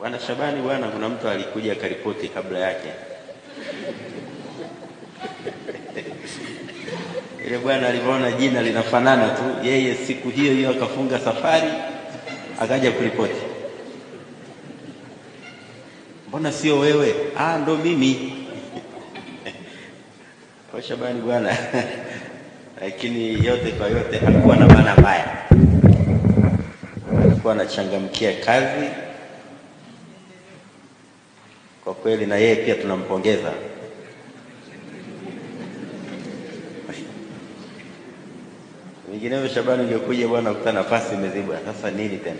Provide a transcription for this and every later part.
Bwana Shabani, bwana kuna mtu alikuja akaripoti kabla yake ile bwana alivyoona jina linafanana tu, yeye siku hiyo hiyo akafunga safari akaja kuripoti. Mbona sio wewe? Ah, ndo mimi kwa Shabani bwana lakini yote kwa yote hakuwa na maana mbaya, alikuwa anachangamkia kazi. Kwa kweli na yeye pia tunampongeza. Vinginevyo Shabani, ungekuja bwana, kuta nafasi imezibwa, sasa nini tena?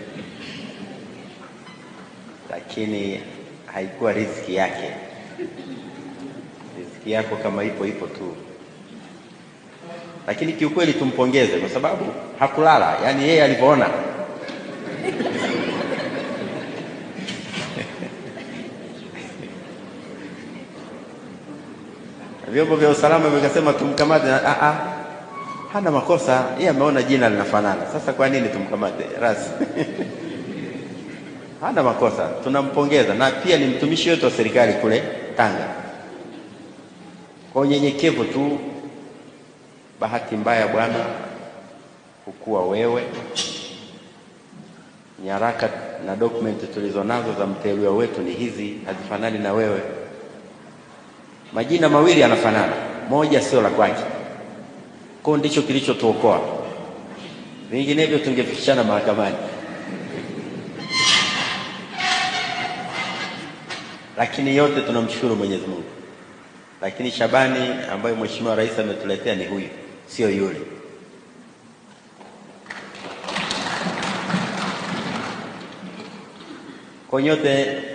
Lakini haikuwa riziki yake. Riziki yako kama ipo ipo tu, lakini kiukweli tumpongeze kwa sababu hakulala, yaani yeye alivyoona vyombo vya usalama vikasema tumkamate. Ah, ah, ah, hana makosa yeye, ameona jina linafanana. Sasa kwa nini tumkamate rasi? hana makosa, tunampongeza na pia ni mtumishi wetu wa serikali kule Tanga. Kwa unyenyekevu tu, bahati mbaya bwana, hukuwa wewe. Nyaraka na dokumenti tulizo nazo za mteuliwa wetu ni hizi, hazifanani na wewe. Majina mawili yanafanana, moja sio la kwake. Kwa ndicho kilichotuokoa, vinginevyo tungefikishana mahakamani. Lakini yote tunamshukuru Mwenyezi Mungu. Lakini Shabani ambayo Mheshimiwa Rais ametuletea ni huyu, sio yule. kwa nyote